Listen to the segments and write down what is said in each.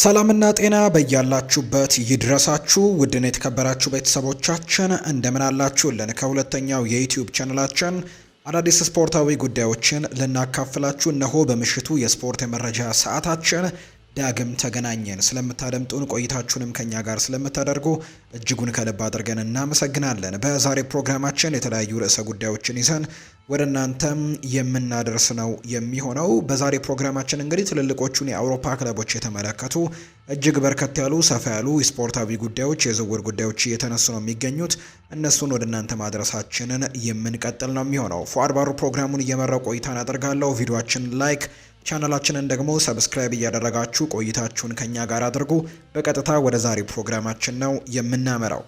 ሰላምና ጤና በያላችሁበት ይድረሳችሁ። ውድን የተከበራችሁ ቤተሰቦቻችን እንደምን አላችሁልን? ከሁለተኛው የዩትዩብ ቻነላችን አዳዲስ ስፖርታዊ ጉዳዮችን ልናካፍላችሁ እነሆ በምሽቱ የስፖርት የመረጃ ሰዓታችን ዳግም ተገናኘን። ስለምታደምጡን ቆይታችሁንም ከኛ ጋር ስለምታደርጉ እጅጉን ከልብ አድርገን እናመሰግናለን። በዛሬ ፕሮግራማችን የተለያዩ ርዕሰ ጉዳዮችን ይዘን ወደ እናንተም የምናደርስ ነው የሚሆነው። በዛሬ ፕሮግራማችን እንግዲህ ትልልቆቹን የአውሮፓ ክለቦች የተመለከቱ እጅግ በርከት ያሉ ሰፋ ያሉ ስፖርታዊ ጉዳዮች፣ የዝውውር ጉዳዮች እየተነሱ ነው የሚገኙት። እነሱን ወደ እናንተ ማድረሳችንን የምንቀጥል ነው የሚሆነው። ፎአድ ባሩ ፕሮግራሙን እየመራው ቆይታን አደርጋለሁ። ቪዲዮችን ላይክ ቻናላችንን ደግሞ ሰብስክራይብ እያደረጋችሁ ቆይታችሁን ከኛ ጋር አድርጉ። በቀጥታ ወደ ዛሬ ፕሮግራማችን ነው የምናመራው።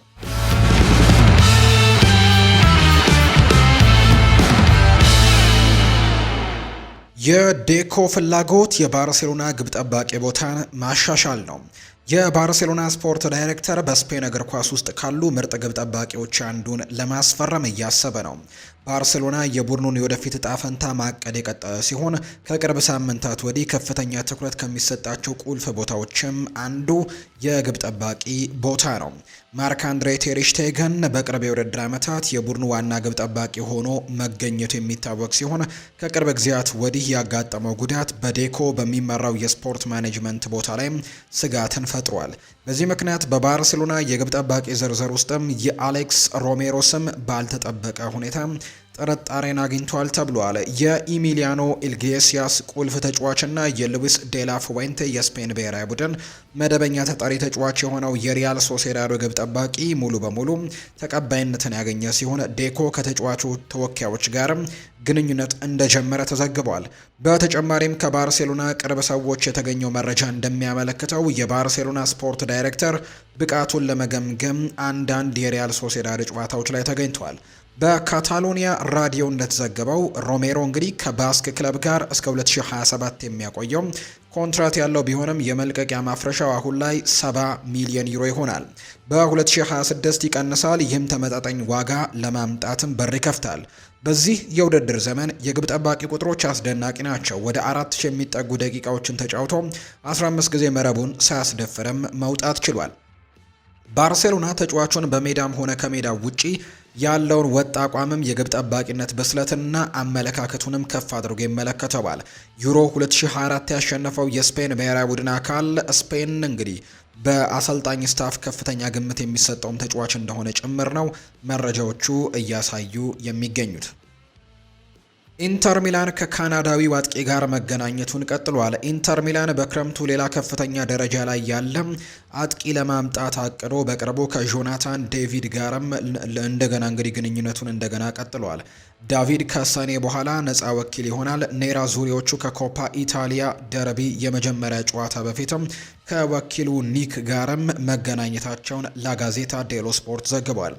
የዴኮ ፍላጎት የባርሴሎና ግብ ጠባቂ ቦታን ማሻሻል ነው። የባርሴሎና ስፖርት ዳይሬክተር በስፔን እግር ኳስ ውስጥ ካሉ ምርጥ ግብ ጠባቂዎች አንዱን ለማስፈረም እያሰበ ነው። ባርሴሎና የቡድኑን የወደፊት እጣ ፈንታ ማቀድ የቀጠለ ሲሆን ከቅርብ ሳምንታት ወዲህ ከፍተኛ ትኩረት ከሚሰጣቸው ቁልፍ ቦታዎችም አንዱ የግብ ጠባቂ ቦታ ነው። ማርክ አንድሬ ቴሪሽቴገን በቅርብ የውድድር ዓመታት የቡድኑ ዋና ግብ ጠባቂ ሆኖ መገኘቱ የሚታወቅ ሲሆን ከቅርብ ጊዜያት ወዲህ ያጋጠመው ጉዳት በዴኮ በሚመራው የስፖርት ማኔጅመንት ቦታ ላይ ስጋትን ፈጥሯል። በዚህ ምክንያት በባርሴሎና የግብ ጠባቂ ዝርዝር ውስጥም የአሌክስ ሮሜሮ ስም ባልተጠበቀ ሁኔታ ጥርጣሬን አግኝቷል ተብሏል። የኢሚሊያኖ ኢልጌሲያስ ቁልፍ ተጫዋችና የሉዊስ ዴላ ፉዌንቴ የስፔን ብሔራዊ ቡድን መደበኛ ተጠሪ ተጫዋች የሆነው የሪያል ሶሴዳዶ ግብ ጠባቂ ሙሉ በሙሉ ተቀባይነትን ያገኘ ሲሆን ዴኮ ከተጫዋቹ ተወካዮች ጋርም ግንኙነት እንደጀመረ ተዘግቧል። በተጨማሪም ከባርሴሎና ቅርብ ሰዎች የተገኘው መረጃ እንደሚያመለክተው የባርሴሎና ስፖርት ዳይሬክተር ብቃቱን ለመገምገም አንዳንድ የሪያል ሶሴዳዶ ጨዋታዎች ላይ ተገኝቷል። በካታሎኒያ ራዲዮ እንደተዘገበው ሮሜሮ እንግዲህ ከባስክ ክለብ ጋር እስከ 2027 የሚያቆየው ኮንትራት ያለው ቢሆንም የመልቀቂያ ማፍረሻው አሁን ላይ 70 ሚሊዮን ዩሮ ይሆናል። በ2026 ይቀንሳል። ይህም ተመጣጣኝ ዋጋ ለማምጣትም በር ይከፍታል። በዚህ የውድድር ዘመን የግብ ጠባቂ ቁጥሮች አስደናቂ ናቸው። ወደ ሺህ የሚጠጉ ደቂቃዎችን ተጫውቶ 15 ጊዜ መረቡን ሳያስደፍርም መውጣት ችሏል። ባርሴሎና ተጫዋቹን በሜዳም ሆነ ከሜዳ ውጪ ያለውን ወጥ አቋምም የግብ ጠባቂነት ብስለትና አመለካከቱንም ከፍ አድርጎ ይመለከተዋል። ዩሮ 2024 ያሸነፈው የስፔን ብሔራዊ ቡድን አካል ስፔን እንግዲህ በአሰልጣኝ ስታፍ ከፍተኛ ግምት የሚሰጠውም ተጫዋች እንደሆነ ጭምር ነው መረጃዎቹ እያሳዩ የሚገኙት። ኢንተር ሚላን ከካናዳዊ አጥቂ ጋር መገናኘቱን ቀጥሏል። ኢንተር ሚላን በክረምቱ ሌላ ከፍተኛ ደረጃ ላይ ያለ አጥቂ ለማምጣት አቅዶ በቅርቡ ከጆናታን ዴቪድ ጋርም እንደገና እንግዲህ ግንኙነቱን እንደገና ቀጥሏል። ዳቪድ ከሰኔ በኋላ ነፃ ወኪል ይሆናል። ኔራ ዙሪዎቹ ከኮፓ ኢታሊያ ደርቢ የመጀመሪያ ጨዋታ በፊትም ከወኪሉ ኒክ ጋርም መገናኘታቸውን ላጋዜታ ዴሎ ስፖርት ዘግቧል።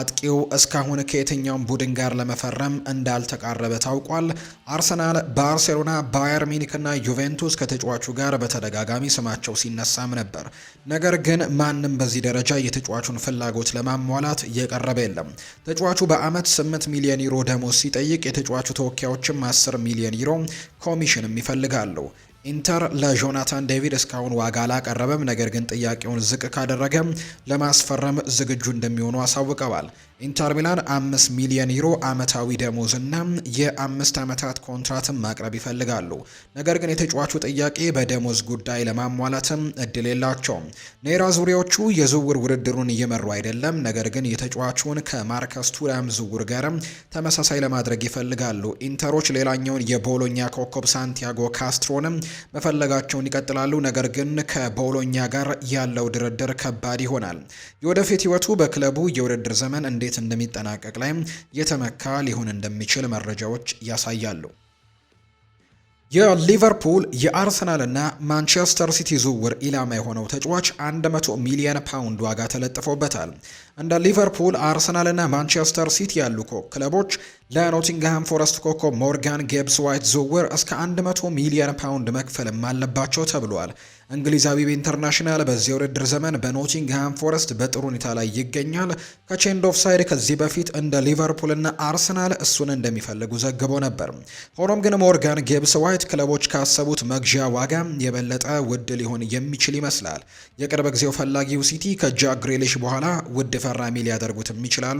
አጥቂው እስካሁን ከየትኛውም ቡድን ጋር ለመፈረም እንዳልተቃረበ ታውቋል። አርሰናል፣ ባርሴሎና፣ ባየር ሚኒክና ዩቬንቱስ ከተጫዋቹ ጋር በተደጋጋሚ ስማቸው ሲነሳም ነበር። ነገር ግን ማንም በዚህ ደረጃ የተጫዋቹን ፍላጎት ለማሟላት እየቀረበ የለም። ተጫዋቹ በአመት 8 ሚሊዮን ዩሮ ደሞዝ ሲጠይቅ የተጫዋቹ ተወካዮችም 10 ሚሊዮን ዩሮ ኮሚሽንም ይፈልጋሉ። ኢንተር ለጆናታን ዴቪድ እስካሁን ዋጋ አላቀረበም። ነገር ግን ጥያቄውን ዝቅ ካደረገ ለማስፈረም ዝግጁ እንደሚሆኑ አሳውቀዋል። ኢንተር ሚላን አምስት ሚሊዮን ዩሮ አመታዊ ደሞዝ እና የአምስት ዓመታት ኮንትራትን ማቅረብ ይፈልጋሉ። ነገር ግን የተጫዋቹ ጥያቄ በደሞዝ ጉዳይ ለማሟላትም እድል የላቸውም። ኔራ ዙሪያዎቹ የዝውውር ውድድሩን እየመሩ አይደለም፣ ነገር ግን የተጫዋቹን ከማርከስ ቱራም ዝውውር ጋርም ተመሳሳይ ለማድረግ ይፈልጋሉ። ኢንተሮች ሌላኛውን የቦሎኛ ኮከብ ሳንቲያጎ ካስትሮንም መፈለጋቸውን ይቀጥላሉ፣ ነገር ግን ከቦሎኛ ጋር ያለው ድርድር ከባድ ይሆናል። የወደፊት ህይወቱ በክለቡ የውድድር ዘመን እንዴት እንዴት እንደሚጠናቀቅ ላይ የተመካ ሊሆን እንደሚችል መረጃዎች ያሳያሉ። የሊቨርፑል የአርሰናልና ማንቸስተር ሲቲ ዝውውር ኢላማ የሆነው ተጫዋች 100 ሚሊዮን ፓውንድ ዋጋ ተለጥፎበታል። እንደ ሊቨርፑል፣ አርሰናልና ማንቸስተር ሲቲ ያሉ ክለቦች ለኖቲንግሃም ፎረስት ኮከብ ሞርጋን ጌብስ ዋይት ዝውውር እስከ 100 ሚሊዮን ፓውንድ መክፈልም አለባቸው ተብሏል። እንግሊዛዊ ኢንተርናሽናል በዚህ ውድድር ዘመን በኖቲንግሃም ፎረስት በጥሩ ሁኔታ ላይ ይገኛል። ከቼንድ ኦፍ ሳይድ ከዚህ በፊት እንደ ሊቨርፑልና አርሰናል እሱን እንደሚፈልጉ ዘግቦ ነበር። ሆኖም ግን ሞርጋን ጌብስ ዋይት ክለቦች ካሰቡት መግዣ ዋጋ የበለጠ ውድ ሊሆን የሚችል ይመስላል። የቅርብ ጊዜው ፈላጊው ሲቲ ከጃክ ግሬሊሽ በኋላ ውድ ፈራሚ ሊያደርጉትም ይችላሉ።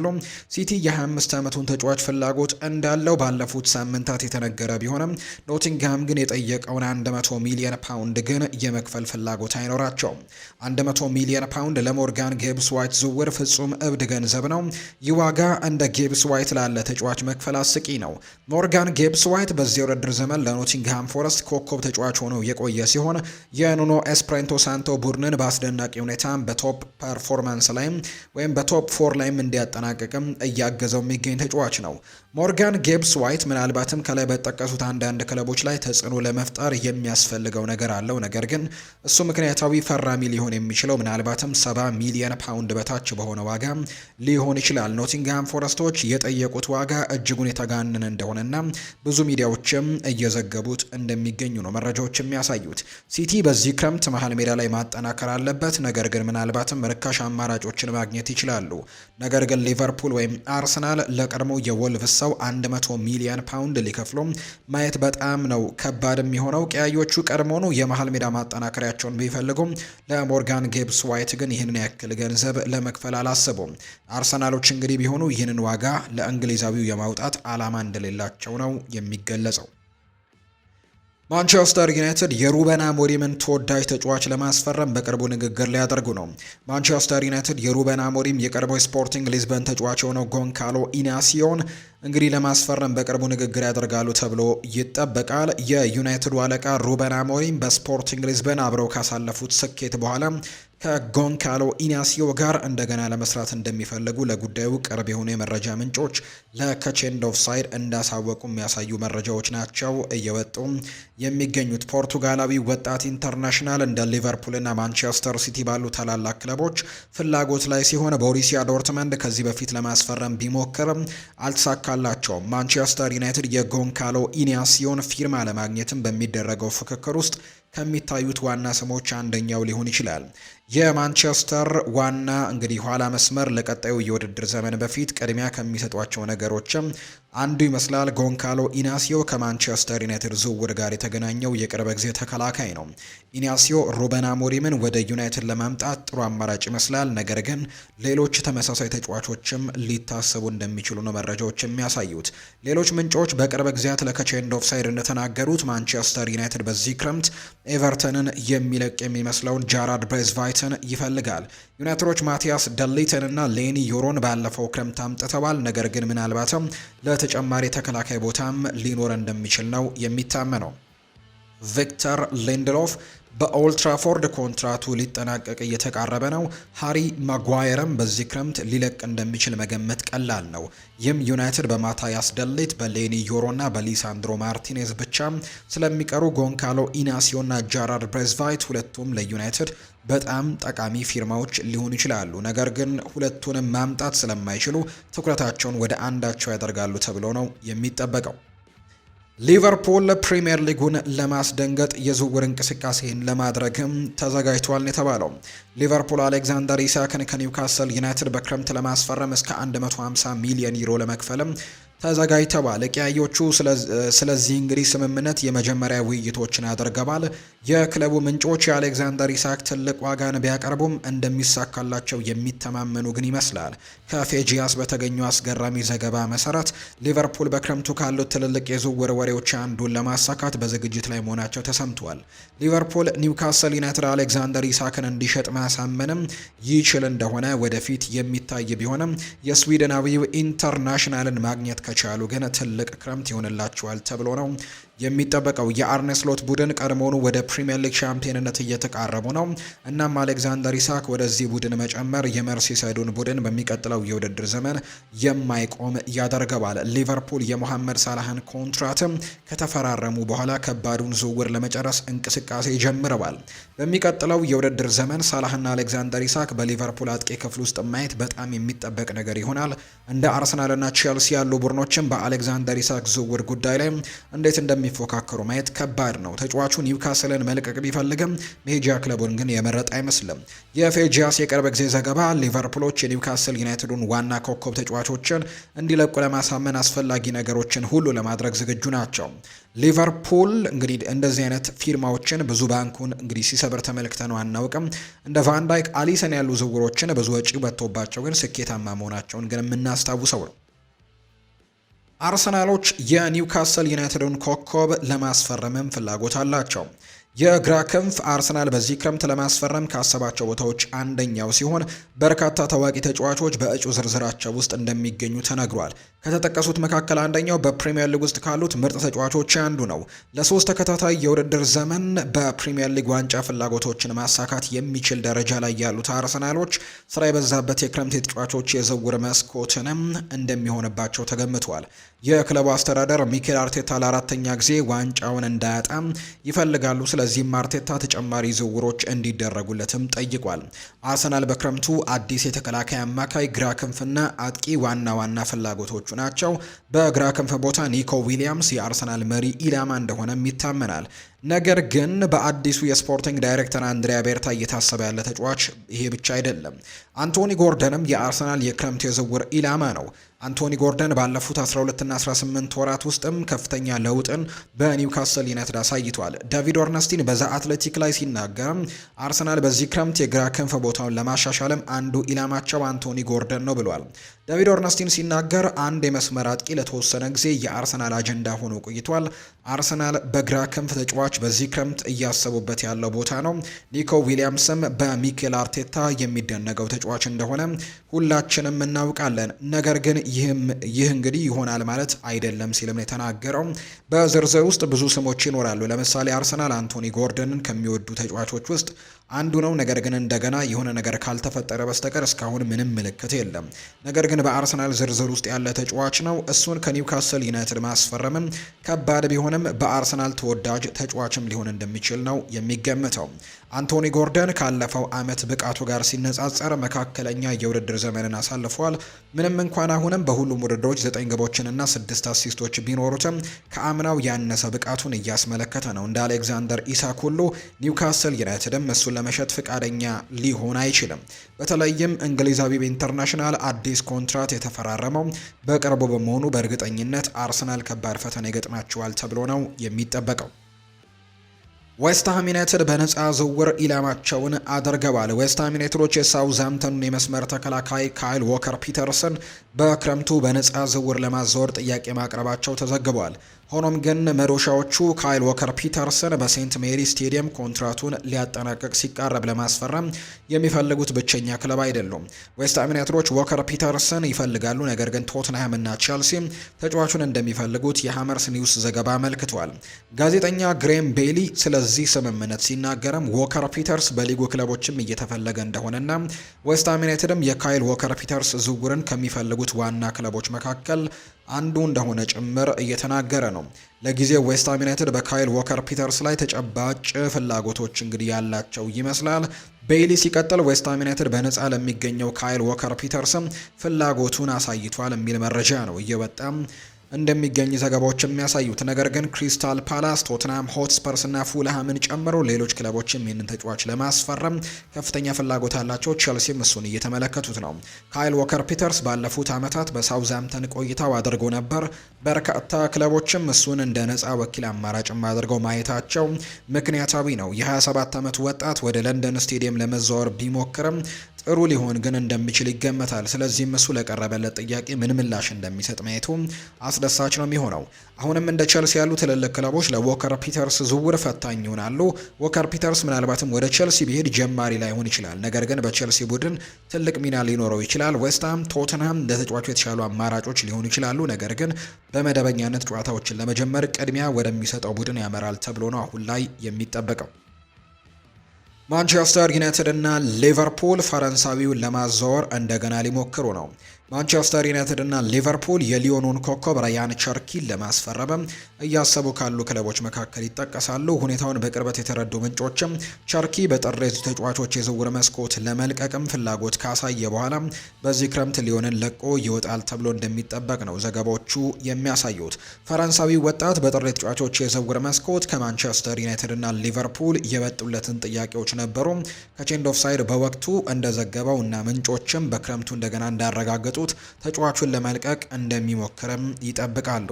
ሲቲ የ25 ዓመቱን ተጫዋች ፍላጎት እንዳለው ባለፉት ሳምንታት የተነገረ ቢሆንም ኖቲንግሃም ግን የጠየቀውን 100 ሚሊዮን ፓውንድ ግን የመክፈል የመቀበል ፍላጎት አይኖራቸውም። 100 ሚሊዮን ፓውንድ ለሞርጋን ጌብስ ዋይት ዝውውር ፍጹም እብድ ገንዘብ ነው። ይህ ዋጋ እንደ ጌብስ ዋይት ላለ ተጫዋች መክፈል አስቂ ነው። ሞርጋን ጌብስ ዋይት በዚህ ውድድር ዘመን ለኖቲንግሃም ፎረስት ኮከብ ተጫዋች ሆኖ የቆየ ሲሆን የኑኖ ኤስፕሬንቶ ሳንቶ ቡድንን በአስደናቂ ሁኔታ በቶፕ ፐርፎርማንስ ላይም ወይም በቶፕ ፎር ላይም እንዲያጠናቅቅም እያገዘው የሚገኝ ተጫዋች ነው። ሞርጋን ጌብስ ዋይት ምናልባትም ከላይ በጠቀሱት አንዳንድ ክለቦች ላይ ተጽዕኖ ለመፍጠር የሚያስፈልገው ነገር አለው። ነገር ግን እሱ ምክንያታዊ ፈራሚ ሊሆን የሚችለው ምናልባትም ሰባ ሚሊየን ፓውንድ በታች በሆነ ዋጋ ሊሆን ይችላል። ኖቲንግሃም ፎረስቶች የጠየቁት ዋጋ እጅጉን የተጋነነ እንደሆነና ብዙ ሚዲያዎችም እየዘገቡት እንደሚገኙ ነው መረጃዎች የሚያሳዩት። ሲቲ በዚህ ክረምት መሀል ሜዳ ላይ ማጠናከር አለበት። ነገር ግን ምናልባትም ርካሽ አማራጮችን ማግኘት ይችላሉ። ነገር ግን ሊቨርፑል ወይም አርሰናል ለቀድሞ የወልቭስ ሰው 100 ሚሊዮን ፓውንድ ሊከፍሉ ማየት በጣም ነው ከባድ የሚሆነው። ቀያዮቹ ቀድሞኑ የመሀል ሜዳ ማጠናከሪያቸውን ቢፈልጉም ለሞርጋን ጌብስ ዋይት ግን ይህንን ያክል ገንዘብ ለመክፈል አላሰቡም። አርሰናሎች እንግዲህ ቢሆኑ ይህንን ዋጋ ለእንግሊዛዊው የማውጣት አላማ እንደሌላቸው ነው የሚገለጸው። ማንቸስተር ዩናይትድ የሩበን አሞሪምን ተወዳጅ ተጫዋች ለማስፈረም በቅርቡ ንግግር ሊያደርጉ ነው። ማንቸስተር ዩናይትድ የሩበን አሞሪም የቀድሞ ስፖርቲንግ ሊዝበን ተጫዋች የሆነው ጎንካሎ ኢናሲዮን እንግዲህ ለማስፈረም በቅርቡ ንግግር ያደርጋሉ ተብሎ ይጠበቃል። የዩናይትዱ አለቃ ሩበን አሞሪም በስፖርቲንግ ሊዝበን አብረው ካሳለፉት ስኬት በኋላ ከጎንካሎ ኢናሲዮ ጋር እንደገና ለመስራት እንደሚፈልጉ ለጉዳዩ ቅርብ የሆኑ የመረጃ ምንጮች ለከቼንድ ኦፍ ሳይድ እንዳሳወቁ የሚያሳዩ መረጃዎች ናቸው እየወጡ የሚገኙት። ፖርቱጋላዊ ወጣት ኢንተርናሽናል እንደ ሊቨርፑልና ማንቸስተር ሲቲ ባሉ ታላላቅ ክለቦች ፍላጎት ላይ ሲሆን ቦሪሲያ ዶርትመንድ ከዚህ በፊት ለማስፈረም ቢሞክርም አልተሳካ አላቸው ማንቸስተር ዩናይትድ የጎንካሎ ኢኒያሲዮን ፊርማ ለማግኘትም በሚደረገው ፍክክር ውስጥ ከሚታዩት ዋና ስሞች አንደኛው ሊሆን ይችላል። የማንቸስተር ዋና እንግዲህ ኋላ መስመር ለቀጣዩ የውድድር ዘመን በፊት ቅድሚያ ከሚሰጧቸው ነገሮችም አንዱ ይመስላል። ጎንካሎ ኢናሲዮ ከማንቸስተር ዩናይትድ ዝውውር ጋር የተገናኘው የቅርበ ጊዜ ተከላካይ ነው። ኢናሲዮ ሩበን አሞሪምን ወደ ዩናይትድ ለማምጣት ጥሩ አማራጭ ይመስላል። ነገር ግን ሌሎች ተመሳሳይ ተጫዋቾችም ሊታሰቡ እንደሚችሉ ነው መረጃዎች የሚያሳዩት። ሌሎች ምንጮች በቅርበ ጊዜያት ለከቼንድ ኦፍሳይድ እንደተናገሩት ማንቸስተር ዩናይትድ በዚህ ክረምት ኤቨርተንን የሚለቅ የሚመስለውን ጃራድ ብሬዝቫይትን ይፈልጋል። ዩናይትዶች ማቲያስ ደሊትን እና ሌኒ ዮሮን ባለፈው ክረምት አምጥተዋል። ነገር ግን ምናልባትም ተጨማሪ ተከላካይ ቦታም ሊኖር እንደሚችል ነው የሚታመነው። ቪክተር ሊንድሎፍ በኦልትራፎርድ ኮንትራቱ ሊጠናቀቅ እየተቃረበ ነው። ሃሪ ማጓየርም በዚህ ክረምት ሊለቅ እንደሚችል መገመት ቀላል ነው። ይህም ዩናይትድ በማታያስ ደሌት፣ በሌኒ ዮሮና በሊሳንድሮ ማርቲኔዝ ብቻ ስለሚቀሩ ጎንካሎ ኢናሲዮና ጃራርድ ብሬዝቫይት ሁለቱም ለዩናይትድ በጣም ጠቃሚ ፊርማዎች ሊሆኑ ይችላሉ። ነገር ግን ሁለቱንም ማምጣት ስለማይችሉ ትኩረታቸውን ወደ አንዳቸው ያደርጋሉ ተብሎ ነው የሚጠበቀው። ሊቨርፑል ፕሪምየር ሊጉን ለማስደንገጥ የዝውውር እንቅስቃሴን ለማድረግም ተዘጋጅቷል የተባለው ሊቨርፑል አሌክዛንደር ኢሳክን ከኒውካስል ዩናይትድ በክረምት ለማስፈረም እስከ 150 ሚሊዮን ዩሮ ለመክፈልም ተዘጋጅተዋል። ቀያዮቹ ስለዚህ እንግዲህ ስምምነት የመጀመሪያ ውይይቶችን አድርገዋል። የክለቡ ምንጮች የአሌክዛንደር ኢሳክ ትልቅ ዋጋን ቢያቀርቡም እንደሚሳካላቸው የሚተማመኑ ግን ይመስላል። ከፌጂያስ በተገኘው አስገራሚ ዘገባ መሰረት ሊቨርፑል በክረምቱ ካሉት ትልልቅ የዝውውር ወሬዎች አንዱን ለማሳካት በዝግጅት ላይ መሆናቸው ተሰምቷል። ሊቨርፑል ኒውካስል ዩናይትድ አሌክዛንደር ኢሳክን እንዲሸጥ ማሳመንም ይችል እንደሆነ ወደፊት የሚታይ ቢሆንም የስዊድናዊው ኢንተርናሽናልን ማግኘት ከቻሉ ግን ትልቅ ክረምት ይሆንላቸዋል ተብሎ ነው የሚጠበቀው የአርነ ስሎት ቡድን ቀድሞውኑ ወደ ፕሪምየር ሊግ ሻምፒዮንነት እየተቃረቡ ነው። እናም አሌክዛንደር ኢሳክ ወደዚህ ቡድን መጨመር የመርሲሳይዱን ቡድን በሚቀጥለው የውድድር ዘመን የማይቆም ያደርገዋል። ሊቨርፑል የሞሐመድ ሳላህን ኮንትራትም ከተፈራረሙ በኋላ ከባዱን ዝውውር ለመጨረስ እንቅስቃሴ ጀምረዋል። በሚቀጥለው የውድድር ዘመን ሳላህና አሌክዛንደር ኢሳክ በሊቨርፑል አጥቂ ክፍል ውስጥ ማየት በጣም የሚጠበቅ ነገር ይሆናል። እንደ አርሰናልና ቼልሲ ያሉ ቡድኖችም በአሌክዛንደር ኢሳክ ዝውውር ጉዳይ ላይ እንዴት እንደሚ ሲፎካከሩ ማየት ከባድ ነው። ተጫዋቹ ኒውካስልን መልቀቅ ቢፈልግም ሜጃ ክለቡን ግን የመረጠ አይመስልም። የፌጂያስ የቅርብ ጊዜ ዘገባ ሊቨርፑሎች የኒውካስል ዩናይትዱን ዋና ኮከብ ተጫዋቾችን እንዲለቁ ለማሳመን አስፈላጊ ነገሮችን ሁሉ ለማድረግ ዝግጁ ናቸው። ሊቨርፑል እንግዲህ እንደዚህ አይነት ፊርማዎችን ብዙ ባንኩን እንግዲህ ሲሰብር ተመልክተ ነው አናውቅም። እንደ ቫንዳይክ አሊሰን ያሉ ዝውሮችን ብዙ ወጪ ወጥቶባቸው ግን ስኬታማ መሆናቸውን ግን የምናስታውሰው ነው። አርሰናሎች የኒውካስል ዩናይትድን ኮከብ ለማስፈረምም ፍላጎት አላቸው። የግራ ክንፍ አርሰናል በዚህ ክረምት ለማስፈረም ካሰባቸው ቦታዎች አንደኛው ሲሆን በርካታ ታዋቂ ተጫዋቾች በእጩ ዝርዝራቸው ውስጥ እንደሚገኙ ተነግሯል። ከተጠቀሱት መካከል አንደኛው በፕሪምየር ሊግ ውስጥ ካሉት ምርጥ ተጫዋቾች አንዱ ነው። ለሶስት ተከታታይ የውድድር ዘመን በፕሪምየር ሊግ ዋንጫ ፍላጎቶችን ማሳካት የሚችል ደረጃ ላይ ያሉት አርሰናሎች ስራ የበዛበት የክረምት የተጫዋቾች የዝውውር መስኮትንም እንደሚሆንባቸው ተገምቷል። የክለቡ አስተዳደር ሚኬል አርቴታ ለአራተኛ ጊዜ ዋንጫውን እንዳያጣም ይፈልጋሉ። ለዚህም አርቴታ ተጨማሪ ዝውውሮች እንዲደረጉለትም ጠይቋል። አርሰናል በክረምቱ አዲስ የተከላካይ አማካይ ግራ ክንፍና አጥቂ ዋና ዋና ፍላጎቶቹ ናቸው። በግራ ክንፍ ቦታ ኒኮ ዊሊያምስ የአርሰናል መሪ ኢላማ እንደሆነም ይታመናል። ነገር ግን በአዲሱ የስፖርቲንግ ዳይሬክተር አንድሪያ ቤርታ እየታሰበ ያለ ተጫዋች ይሄ ብቻ አይደለም። አንቶኒ ጎርደንም የአርሰናል የክረምት የዝውውር ኢላማ ነው። አንቶኒ ጎርደን ባለፉት 12ና 18 ወራት ውስጥም ከፍተኛ ለውጥን በኒውካስል ዩናይትድ አሳይቷል። ዳቪድ ኦርነስቲን በዛ አትሌቲክ ላይ ሲናገር አርሰናል በዚህ ክረምት የግራ ክንፍ ቦታውን ለማሻሻልም አንዱ ኢላማቸው አንቶኒ ጎርደን ነው ብሏል። ዳቪድ ኦርነስቲን ሲናገር አንድ የመስመር አጥቂ ለተወሰነ ጊዜ የአርሰናል አጀንዳ ሆኖ ቆይቷል። አርሰናል በግራ ክንፍ ተጫዋች በዚህ ክረምት እያሰቡበት ያለው ቦታ ነው። ኒኮ ዊሊያምስም በሚኬል አርቴታ የሚደነገው ተጫዋች እንደሆነ ሁላችንም እናውቃለን። ነገር ግን ይህም ይህ እንግዲህ ይሆናል ማለት አይደለም ሲልም ነው የተናገረው። በዝርዝር ውስጥ ብዙ ስሞች ይኖራሉ። ለምሳሌ አርሰናል አንቶኒ ጎርደንን ከሚወዱ ተጫዋቾች ውስጥ አንዱ ነው። ነገር ግን እንደገና የሆነ ነገር ካልተፈጠረ በስተቀር እስካሁን ምንም ምልክት የለም። ነገር ግን በአርሰናል ዝርዝር ውስጥ ያለ ተጫዋች ነው። እሱን ከኒውካስል ዩናይትድ ማስፈረምም ከባድ ቢሆንም በአርሰናል ተወዳጅ ተጫዋችም ሊሆን እንደሚችል ነው የሚገምተው። አንቶኒ ጎርደን ካለፈው ዓመት ብቃቱ ጋር ሲነጻጸር መካከለኛ የውድድር ዘመንን አሳልፏል። ምንም እንኳን አሁንም በሁሉም ውድድሮች ዘጠኝ ግቦችንና ስድስት አሲስቶች ቢኖሩትም ከአምናው ያነሰ ብቃቱን እያስመለከተ ነው። እንደ አሌክዛንደር ኢሳክ ሁሉ ኒውካስል ዩናይትድም እሱን ለመሸጥ ፍቃደኛ ሊሆን አይችልም። በተለይም እንግሊዛዊ ኢንተርናሽናል አዲስ ኮንትራት የተፈራረመው በቅርቡ በመሆኑ በእርግጠኝነት አርሰናል ከባድ ፈተና ይገጥማቸዋል ተብሎ ነው የሚጠበቀው። ዌስትሃም ዩናይትድ በነፃ ዝውውር ኢላማቸውን አድርገዋል። ዌስትሃም ዩናይትዶች የሳውዝሃምተኑን የመስመር ተከላካይ ካይል ዎከር ፒተርስን በክረምቱ በነፃ ዝውውር ለማዘወር ጥያቄ ማቅረባቸው ተዘግቧል። ሆኖም ግን መዶሻዎቹ ካይል ወከር ፒተርሰን በሴንት ሜሪ ስቴዲየም ኮንትራቱን ሊያጠናቀቅ ሲቃረብ ለማስፈረም የሚፈልጉት ብቸኛ ክለብ አይደሉም። ዌስትሃም ዩናይትዶች ወከር ፒተርሰን ይፈልጋሉ፣ ነገር ግን ቶትንሃም እና ቼልሲ ተጫዋቹን እንደሚፈልጉት የሀመርስ ኒውስ ዘገባ አመልክቷል። ጋዜጠኛ ግሬም ቤሊ ስለዚህ ስምምነት ሲናገርም ወከር ፒተርስ በሊጉ ክለቦችም እየተፈለገ እንደሆነና ዌስትሃም ዩናይትድም የካይል ወከር ፒተርስ ዝውውርን ከሚፈልጉ ከሚፈልጉት ዋና ክለቦች መካከል አንዱ እንደሆነ ጭምር እየተናገረ ነው። ለጊዜው ዌስትሃም ዩናይትድ በካይል ዎከር ፒተርስ ላይ ተጨባጭ ፍላጎቶች እንግዲህ ያላቸው ይመስላል። ቤይሊ ሲቀጥል ዌስትሃም ዩናይትድ በነፃ ለሚገኘው ካይል ዎከር ፒተርስም ፍላጎቱን አሳይቷል የሚል መረጃ ነው እየወጣም እንደሚገኝ ዘገባዎች የሚያሳዩት። ነገር ግን ክሪስታል ፓላስ፣ ቶትናም ሆትስፐርስ እና ፉልሃምን ጨምሮ ሌሎች ክለቦችም ይህንን ተጫዋች ለማስፈረም ከፍተኛ ፍላጎት አላቸው። ቼልሲም እሱን እየተመለከቱት ነው። ካይል ወከር ፒተርስ ባለፉት ዓመታት በሳውዝሃምተን ቆይታው አድርጎ ነበር። በርካታ ክለቦችም እሱን እንደ ነፃ ወኪል አማራጭም አድርገው ማየታቸው ምክንያታዊ ነው። የ27 ዓመት ወጣት ወደ ለንደን ስቴዲየም ለመዛወር ቢሞክርም ጥሩ ሊሆን ግን እንደሚችል ይገመታል። ስለዚህም እሱ ለቀረበለት ጥያቄ ምን ምላሽ እንደሚሰጥ ማየቱ አስደሳች ነው የሚሆነው። አሁንም እንደ ቸልሲ ያሉ ትልልቅ ክለቦች ለዎከር ፒተርስ ዝውውር ፈታኝ ይሆናሉ። ዎከር ፒተርስ ምናልባትም ወደ ቸልሲ ቢሄድ ጀማሪ ላይሆን ይችላል፣ ነገር ግን በቸልሲ ቡድን ትልቅ ሚና ሊኖረው ይችላል። ዌስትሃም፣ ቶትንሃም ለተጫዋቹ የተሻሉ አማራጮች ሊሆኑ ይችላሉ፣ ነገር ግን በመደበኛነት ጨዋታዎችን ለመጀመር ቅድሚያ ወደሚሰጠው ቡድን ያመራል ተብሎ ነው አሁን ላይ የሚጠበቀው። ማንቸስተር ዩናይትድ እና ሊቨርፑል ፈረንሳዊውን ለማዛወር እንደገና ሊሞክሩ ነው። ማንቸስተር ዩናይትድ እና ሊቨርፑል የሊዮኑን ኮከብ ራያን ቸርኪን ለማስፈረምም እያሰቡ ካሉ ክለቦች መካከል ይጠቀሳሉ። ሁኔታውን በቅርበት የተረዱ ምንጮችም ቸርኪ በጥር ተጫዋቾች የዝውውር መስኮት ለመልቀቅም ፍላጎት ካሳየ በኋላ በዚህ ክረምት ሊዮንን ለቆ ይወጣል ተብሎ እንደሚጠበቅ ነው ዘገባዎቹ የሚያሳዩት። ፈረንሳዊ ወጣት በጥር ተጫዋቾች የዝውውር መስኮት ከማንቸስተር ዩናይትድ እና ሊቨርፑል የመጡለትን ጥያቄዎች ነበሩ። ከቼንድ ኦፍ ሳይድ በወቅቱ እንደዘገበው እና ምንጮችም በክረምቱ እንደገና እንዳረጋገጡ ያመጡት ተጫዋቹን ለመልቀቅ እንደሚሞክርም ይጠብቃሉ።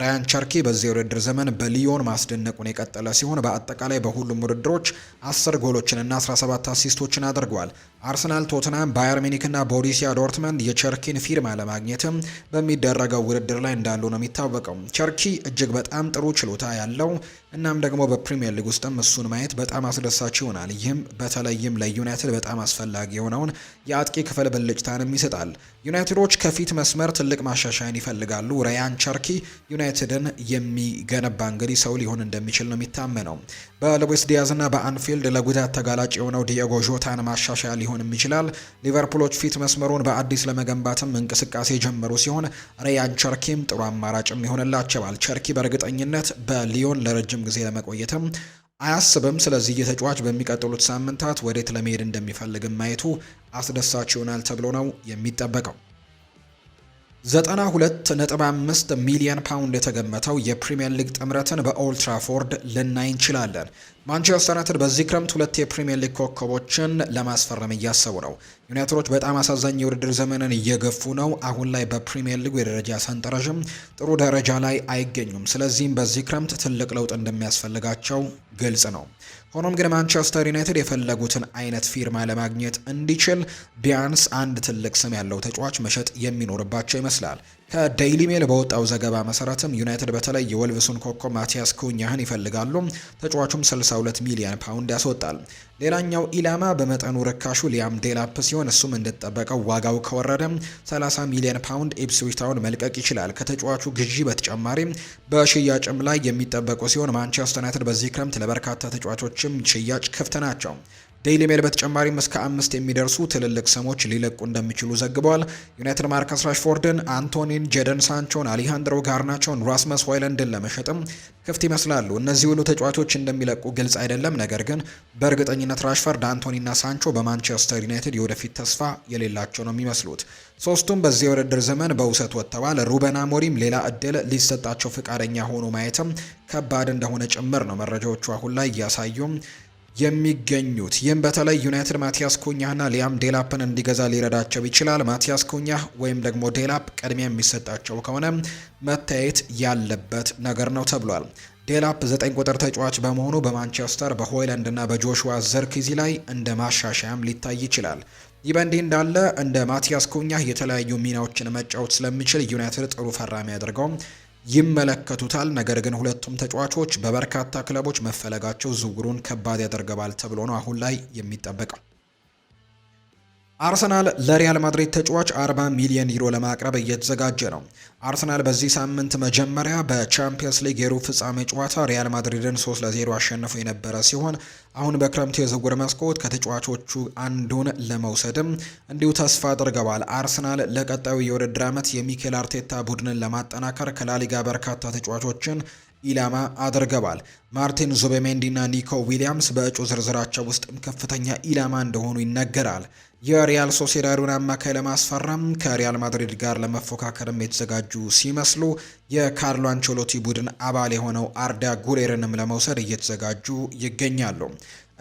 ራያን ቸርኪ በዚህ የውድድር ዘመን በሊዮን ማስደነቁን የቀጠለ ሲሆን በአጠቃላይ በሁሉም ውድድሮች አስር ጎሎችንና 17 አሲስቶችን አድርጓል። አርሰናል፣ ቶትናም፣ ባየር ሚኒክና ቦሪሲያ ዶርትመንድ የቸርኪን ፊርማ ለማግኘትም በሚደረገው ውድድር ላይ እንዳሉ ነው የሚታወቀው። ቸርኪ እጅግ በጣም ጥሩ ችሎታ ያለው እናም ደግሞ በፕሪምየር ሊግ ውስጥም እሱን ማየት በጣም አስደሳች ይሆናል። ይህም በተለይም ለዩናይትድ በጣም አስፈላጊ የሆነውን የአጥቂ ክፍል ብልጭታንም ይሰጣል። ዩናይትዶች ከፊት መስመር ትልቅ ማሻሻያን ይፈልጋሉ። ራያን ቸርኪ ዩናይትድን የሚገነባ እንግዲህ ሰው ሊሆን እንደሚችል ነው የሚታመነው። በሉዊስ ዲያዝና በአንፊልድ ለጉዳት ተጋላጭ የሆነው ዲየጎ ዦታን ማሻሻያ ሊሆንም ይችላል። ሊቨርፑሎች ፊት መስመሩን በአዲስ ለመገንባትም እንቅስቃሴ የጀመሩ ሲሆን ራያን ቸርኪም ጥሩ አማራጭም ይሆንላቸዋል። ቸርኪ በእርግጠኝነት በሊዮን ለረጅም ጊዜ ለመቆየትም አያስብም። ስለዚህ የተጫዋች በሚቀጥሉት ሳምንታት ወዴት ለመሄድ እንደሚፈልግም ማየቱ አስደሳች ይሆናል ተብሎ ነው የሚጠበቀው። አምስት ሚሊዮን ፓውንድ የተገመተው የፕሪምየር ሊግ ጥምረትን በኦልትራፎርድ ልናይ እንችላለን። ማንቸስተር ዩናይትድ በዚህ ክረምት ሁለት የፕሪምየር ሊግ ኮከቦችን ለማስፈረም እያሰቡ ነው። ዩናይትዶች በጣም አሳዛኝ የውድድር ዘመንን እየገፉ ነው። አሁን ላይ በፕሪምየር ሊጉ የደረጃ ሰንጠረዥም ጥሩ ደረጃ ላይ አይገኙም። ስለዚህም በዚህ ክረምት ትልቅ ለውጥ እንደሚያስፈልጋቸው ግልጽ ነው። ሆኖም ግን ማንቸስተር ዩናይትድ የፈለጉትን አይነት ፊርማ ለማግኘት እንዲችል ቢያንስ አንድ ትልቅ ስም ያለው ተጫዋች መሸጥ የሚኖርባቸው ይመስላል። ከዴይሊ ሜል በወጣው ዘገባ መሰረትም ዩናይትድ በተለይ የወልቭሱን ኮከብ ማቲያስ ኩኛህን ይፈልጋሉ። ተጫዋቹም 62 ሚሊዮን ፓውንድ ያስወጣል። ሌላኛው ኢላማ በመጠኑ ርካሹ ሊያም ዴላፕ ሲሆን እሱም እንደተጠበቀው ዋጋው ከወረደ 30 ሚሊዮን ፓውንድ ኢፕስዊች ታውን መልቀቅ ይችላል። ከተጫዋቹ ግዢ በተጨማሪ በሽያጭም ላይ የሚጠበቁ ሲሆን ማንቸስተር ዩናይትድ በዚህ ክረምት ለበርካታ ተጫዋቾችም ሽያጭ ክፍት ናቸው። ዴይሊ ሜል በተጨማሪም እስከ አምስት የሚደርሱ ትልልቅ ስሞች ሊለቁ እንደሚችሉ ዘግበዋል። ዩናይትድ ማርከስ ራሽፎርድን፣ አንቶኒን፣ ጀደን ሳንቾን፣ አሊሃንድሮ ጋርናቸውን፣ ራስመስ ሆይለንድን ለመሸጥም ክፍት ይመስላሉ። እነዚህ ሁሉ ተጫዋቾች እንደሚለቁ ግልጽ አይደለም። ነገር ግን በእርግጠኝነት ራሽፈርድ፣ አንቶኒና ሳንቾ በማንቸስተር ዩናይትድ የወደፊት ተስፋ የሌላቸው ነው የሚመስሉት። ሶስቱም በዚህ የውድድር ዘመን በውሰት ወጥተዋል። ሩበን አሞሪም ሌላ እድል ሊሰጣቸው ፍቃደኛ ሆኖ ማየትም ከባድ እንደሆነ ጭምር ነው መረጃዎቹ አሁን ላይ እያሳዩም የሚገኙት ይህም በተለይ ዩናይትድ ማቲያስ ኩኛህና ሊያም ዴላፕን እንዲገዛ ሊረዳቸው ይችላል። ማቲያስ ኩኛህ ወይም ደግሞ ዴላፕ ቅድሚያ የሚሰጣቸው ከሆነ መታየት ያለበት ነገር ነው ተብሏል። ዴላፕ ዘጠኝ ቁጥር ተጫዋች በመሆኑ በማንቸስተር በሆይላንድና በጆሹዋ ዘርኪዚ ላይ እንደ ማሻሻያም ሊታይ ይችላል። ይህ በእንዲህ እንዳለ እንደ ማቲያስ ኩኛህ የተለያዩ ሚናዎችን መጫወት ስለሚችል ዩናይትድ ጥሩ ፈራሚ ያደርገው ይመለከቱታል። ነገር ግን ሁለቱም ተጫዋቾች በበርካታ ክለቦች መፈለጋቸው ዝውውሩን ከባድ ያደርገባል ተብሎ ነው አሁን ላይ የሚጠበቀው። አርሰናል ለሪያል ማድሪድ ተጫዋች 40 ሚሊዮን ዩሮ ለማቅረብ እየተዘጋጀ ነው። አርሰናል በዚህ ሳምንት መጀመሪያ በቻምፒየንስ ሊግ የሩብ ፍጻሜ ጨዋታ ሪያል ማድሪድን 3 ለ0 አሸንፎ የነበረ ሲሆን አሁን በክረምቱ የዝውውር መስኮት ከተጫዋቾቹ አንዱን ለመውሰድም እንዲሁ ተስፋ አድርገዋል። አርሰናል ለቀጣዩ የውድድር ዓመት የሚኬል አርቴታ ቡድንን ለማጠናከር ከላሊጋ በርካታ ተጫዋቾችን ኢላማ አድርገዋል። ማርቲን ዙቤሜንዲና ኒኮ ዊሊያምስ በእጩ ዝርዝራቸው ውስጥም ከፍተኛ ኢላማ እንደሆኑ ይነገራል። የሪያል ሶሴዳዱን አማካይ ለማስፈረም ከሪያል ማድሪድ ጋር ለመፎካከርም የተዘጋጁ ሲመስሉ የካርሎ አንቸሎቲ ቡድን አባል የሆነው አርዳ ጉሌርንም ለመውሰድ እየተዘጋጁ ይገኛሉ።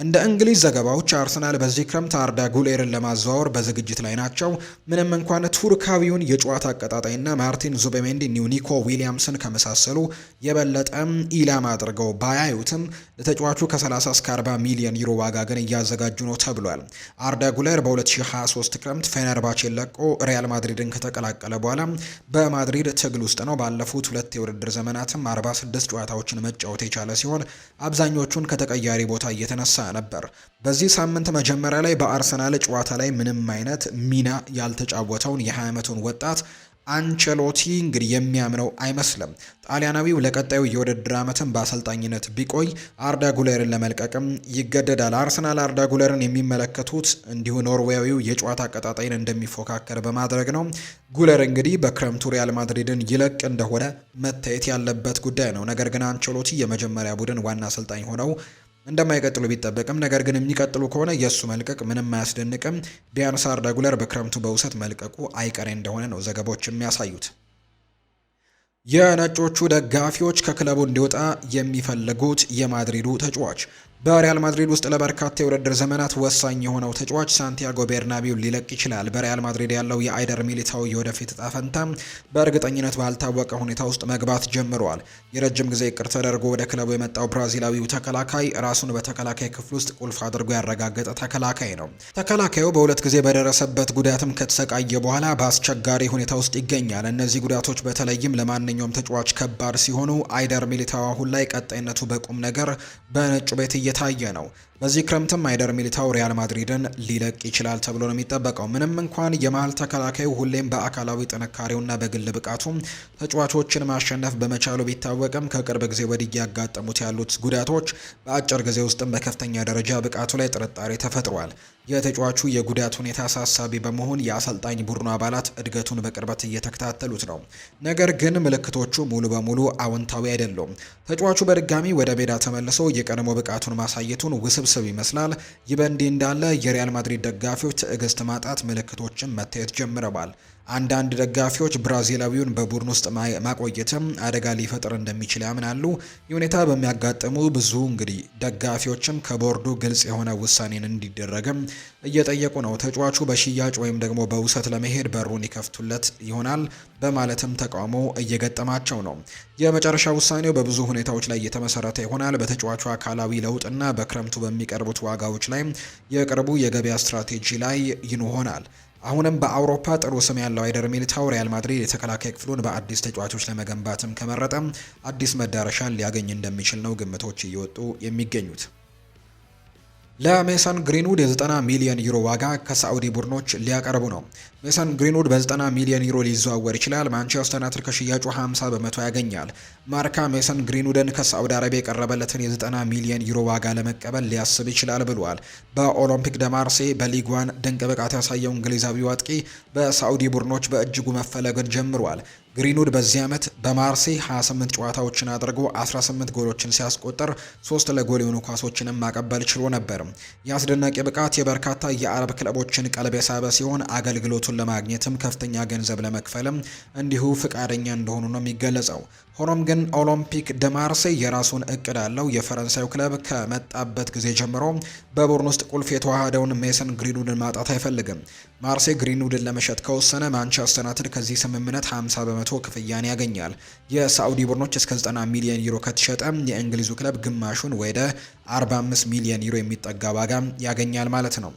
እንደ እንግሊዝ ዘገባዎች አርሰናል በዚህ ክረምት አርዳ ጉሌርን ለማዘዋወር በዝግጅት ላይ ናቸው። ምንም እንኳን ቱርካዊውን የጨዋታ አቀጣጣይና ማርቲን ዙቤሜንዲ ኒውኒኮ ዊሊያምስን ከመሳሰሉ የበለጠም ኢላማ አድርገው ባያዩትም ለተጫዋቹ ከ30 እስከ 40 ሚሊዮን ዩሮ ዋጋ ግን እያዘጋጁ ነው ተብሏል። አርዳ ጉሌር በ2023 ክረምት ፌነርባቼን ለቆ ሪያል ማድሪድን ከተቀላቀለ በኋላ በማድሪድ ትግል ውስጥ ነው። ባለፉት ሁለት የውድድር ዘመናትም 46 ጨዋታዎችን መጫወት የቻለ ሲሆን አብዛኞቹን ከተቀያሪ ቦታ እየተነሳ ነበር። በዚህ ሳምንት መጀመሪያ ላይ በአርሰናል ጨዋታ ላይ ምንም አይነት ሚና ያልተጫወተውን የ20 ዓመቱን ወጣት አንቸሎቲ እንግዲህ የሚያምነው አይመስልም። ጣሊያናዊው ለቀጣዩ የውድድር ዓመትን በአሰልጣኝነት ቢቆይ አርዳ ጉለርን ለመልቀቅም ይገደዳል። አርሰናል አርዳ ጉለርን የሚመለከቱት እንዲሁ ኖርዌያዊው የጨዋታ አቀጣጣይን እንደሚፎካከር በማድረግ ነው። ጉለር እንግዲህ በክረምቱ ሪያል ማድሪድን ይለቅ እንደሆነ መታየት ያለበት ጉዳይ ነው። ነገር ግን አንቸሎቲ የመጀመሪያ ቡድን ዋና አሰልጣኝ ሆነው እንደማይቀጥሉ ቢጠበቅም ነገር ግን የሚቀጥሉ ከሆነ የእሱ መልቀቅ ምንም አያስደንቅም። ቢያንስ አርዳ ጉለር በክረምቱ በውሰት መልቀቁ አይቀሬ እንደሆነ ነው ዘገባዎች የሚያሳዩት። የነጮቹ ደጋፊዎች ከክለቡ እንዲወጣ የሚፈልጉት የማድሪዱ ተጫዋች በሪያል ማድሪድ ውስጥ ለበርካታ የውድድር ዘመናት ወሳኝ የሆነው ተጫዋች ሳንቲያጎ ቤርናቢው ሊለቅ ይችላል። በሪያል ማድሪድ ያለው የአይደር ሚሊታው የወደፊት እጣ ፈንታ በእርግጠኝነት ባልታወቀ ሁኔታ ውስጥ መግባት ጀምሯል። የረጅም ጊዜ እቅድ ተደርጎ ወደ ክለቡ የመጣው ብራዚላዊው ተከላካይ ራሱን በተከላካይ ክፍል ውስጥ ቁልፍ አድርጎ ያረጋገጠ ተከላካይ ነው። ተከላካዩ በሁለት ጊዜ በደረሰበት ጉዳትም ከተሰቃየ በኋላ በአስቸጋሪ ሁኔታ ውስጥ ይገኛል። እነዚህ ጉዳቶች በተለይም ለማንኛውም ተጫዋች ከባድ ሲሆኑ አይደር ሚሊታው አሁን ላይ ቀጣይነቱ በቁም ነገር በነጩ ቤት እየታየ ነው። በዚህ ክረምትም አይደር ሚሊታው ሪያል ማድሪድን ሊለቅ ይችላል ተብሎ ነው የሚጠበቀው። ምንም እንኳን የመሀል ተከላካዩ ሁሌም በአካላዊ ጥንካሬውና በግል ብቃቱ ተጫዋቾችን ማሸነፍ በመቻሉ ቢታወቅም ከቅርብ ጊዜ ወዲህ ያጋጠሙት ያሉት ጉዳቶች በአጭር ጊዜ ውስጥም በከፍተኛ ደረጃ ብቃቱ ላይ ጥርጣሬ ተፈጥሯል። የተጫዋቹ የጉዳት ሁኔታ አሳሳቢ በመሆን የአሰልጣኝ ቡድኑ አባላት እድገቱን በቅርበት እየተከታተሉት ነው። ነገር ግን ምልክቶቹ ሙሉ በሙሉ አዎንታዊ አይደሉም። ተጫዋቹ በድጋሚ ወደ ሜዳ ተመልሶ የቀድሞ ብቃቱን ማሳየቱን ውስብ ውስብስብ ይመስላል። ይህ በእንዲህ እንዳለ የሪያል ማድሪድ ደጋፊዎች ትዕግስት ማጣት ምልክቶችን መታየት ጀምረዋል። አንዳንድ ደጋፊዎች ብራዚላዊውን በቡድን ውስጥ ማቆየትም አደጋ ሊፈጥር እንደሚችል ያምናሉ። ይህ ሁኔታ በሚያጋጥሙ ብዙ እንግዲህ ደጋፊዎችም ከቦርዱ ግልጽ የሆነ ውሳኔን እንዲደረግም እየጠየቁ ነው። ተጫዋቹ በሽያጭ ወይም ደግሞ በውሰት ለመሄድ በሩን ይከፍቱለት ይሆናል በማለትም ተቃውሞ እየገጠማቸው ነው። የመጨረሻ ውሳኔው በብዙ ሁኔታዎች ላይ እየተመሰረተ ይሆናል። በተጫዋቹ አካላዊ ለውጥና በክረምቱ በሚቀርቡት ዋጋዎች ላይ የቅርቡ የገበያ ስትራቴጂ ላይ ይንሆናል። አሁንም በአውሮፓ ጥሩ ስም ያለው አይደር ሚልታው ሪያል ማድሪድ የተከላካይ ክፍሉን በአዲስ ተጫዋቾች ለመገንባትም ከመረጠም አዲስ መዳረሻን ሊያገኝ እንደሚችል ነው ግምቶች እየወጡ የሚገኙት። ለሜሰን ግሪንውድ የ90 ሚሊዮን ዩሮ ዋጋ ከሳዑዲ ቡድኖች ሊያቀርቡ ነው። ሜሰን ግሪንውድ በ90 ሚሊዮን ዩሮ ሊዘዋወር ይችላል። ማንቸስተር ዩናይትድ ከሽያጩ 50 በመቶ ያገኛል። ማርካ ሜሰን ግሪንውድን ከሳዑዲ አረቢያ የቀረበለትን የ90 ሚሊዮን ዩሮ ዋጋ ለመቀበል ሊያስብ ይችላል ብሏል። በኦሎምፒክ ደማርሴ በሊግ ድንቅ ብቃት ያሳየው እንግሊዛዊ አጥቂ በሳዑዲ ቡድኖች በእጅጉ መፈለግን ጀምሯል። ግሪንውድ በዚህ ዓመት በማርሴ 28 ጨዋታዎችን አድርጎ 18 ጎሎችን ሲያስቆጠር ሶስት ለጎል የሆኑ ኳሶችንም ማቀበል ችሎ ነበር። የአስደናቂ ብቃት የበርካታ የአረብ ክለቦችን ቀልብ የሳበ ሲሆን አገልግሎቱ ተጫዋቹን ለማግኘትም ከፍተኛ ገንዘብ ለመክፈልም እንዲሁ ፍቃደኛ እንደሆኑ ነው የሚገለጸው። ሆኖም ግን ኦሎምፒክ ደማርሴ የራሱን እቅድ አለው። የፈረንሳዩ ክለብ ከመጣበት ጊዜ ጀምሮ በቡድን ውስጥ ቁልፍ የተዋሃደውን ሜሰን ግሪንውድን ማጣት አይፈልግም። ማርሴ ግሪንውድን ለመሸጥ ከወሰነ ማንቸስተር ዩናይትድ ከዚህ ስምምነት 50 በመቶ ክፍያን ያገኛል። የሳዑዲ ቡድኖች እስከ 90 ሚሊዮን ዩሮ ከተሸጠ የእንግሊዙ ክለብ ግማሹን ወደ 45 ሚሊዮን ዩሮ የሚጠጋ ዋጋ ያገኛል ማለት ነው።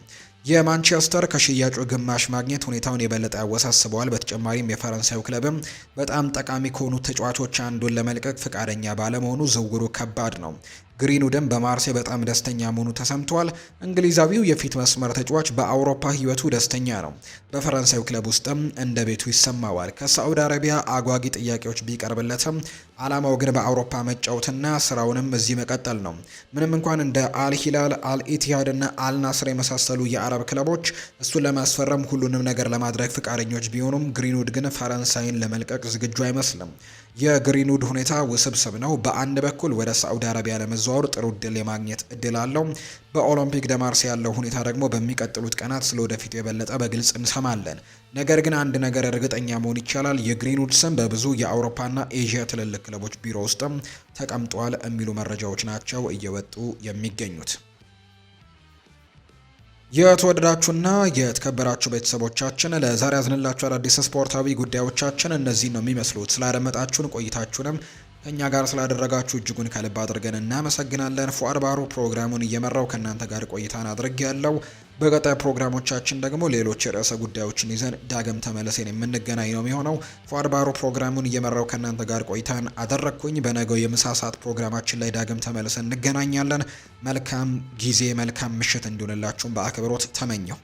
የማንቸስተር ከሽያጩ ግማሽ ማግኘት ሁኔታውን የበለጠ ያወሳስበዋል። በተጨማሪም የፈረንሳዩ ክለብም በጣም ጠቃሚ ከሆኑ ተጫዋቾች አንዱን ለመልቀቅ ፈቃደኛ ባለመሆኑ ዝውውሩ ከባድ ነው። ግሪንውድን በማርሴ በጣም ደስተኛ መሆኑ ተሰምቷል። እንግሊዛዊው የፊት መስመር ተጫዋች በአውሮፓ ህይወቱ ደስተኛ ነው። በፈረንሳዩ ክለብ ውስጥም እንደ ቤቱ ይሰማዋል። ከሳዑዲ አረቢያ አጓጊ ጥያቄዎች ቢቀርብለትም አላማው ግን በአውሮፓ መጫወትና ስራውንም እዚህ መቀጠል ነው። ምንም እንኳን እንደ አልሂላል፣ አልኢቲሃድ እና አልናስር የመሳሰሉ የአረብ ክለቦች እሱን ለማስፈረም ሁሉንም ነገር ለማድረግ ፍቃደኞች ቢሆኑም ግሪንውድ ግን ፈረንሳይን ለመልቀቅ ዝግጁ አይመስልም። የግሪንውድ ሁኔታ ውስብስብ ነው። በአንድ በኩል ወደ ሳዑዲ አረቢያ ለመዘዋወር ጥሩ እድል የማግኘት እድል አለው። በኦሎምፒክ ደማርስ ያለው ሁኔታ ደግሞ በሚቀጥሉት ቀናት ስለ ወደፊቱ የበለጠ በግልጽ እንሰማለን። ነገር ግን አንድ ነገር እርግጠኛ መሆን ይቻላል፣ የግሪንውድ ስም በብዙ የአውሮፓና ኤዥያ ትልልቅ ክለቦች ቢሮ ውስጥም ተቀምጧል የሚሉ መረጃዎች ናቸው እየወጡ የሚገኙት። የተወደዳችሁና የተከበራችሁ ቤተሰቦቻችን ለዛሬ ያዝንላችሁ አዳዲስ ስፖርታዊ ጉዳዮቻችን እነዚህን ነው የሚመስሉት። ስላደመጣችሁን ቆይታችሁንም ከእኛ ጋር ስላደረጋችሁ እጅጉን ከልብ አድርገን እናመሰግናለን። ፉአድ ፕሮግራሙን እየመራው ከእናንተ ጋር ቆይታን አድርግ ያለው በቀጣይ ፕሮግራሞቻችን ደግሞ ሌሎች የርዕሰ ጉዳዮችን ይዘን ዳግም ተመለሴን የምንገናኝ ነው የሚሆነው። ፏድባሩ ፕሮግራሙን እየመራው ከእናንተ ጋር ቆይታን አደረግኩኝ። በነገው የምሳ ሰዓት ፕሮግራማችን ላይ ዳግም ተመልሰን እንገናኛለን። መልካም ጊዜ፣ መልካም ምሽት እንዲሆንላችሁም በአክብሮት ተመኘው።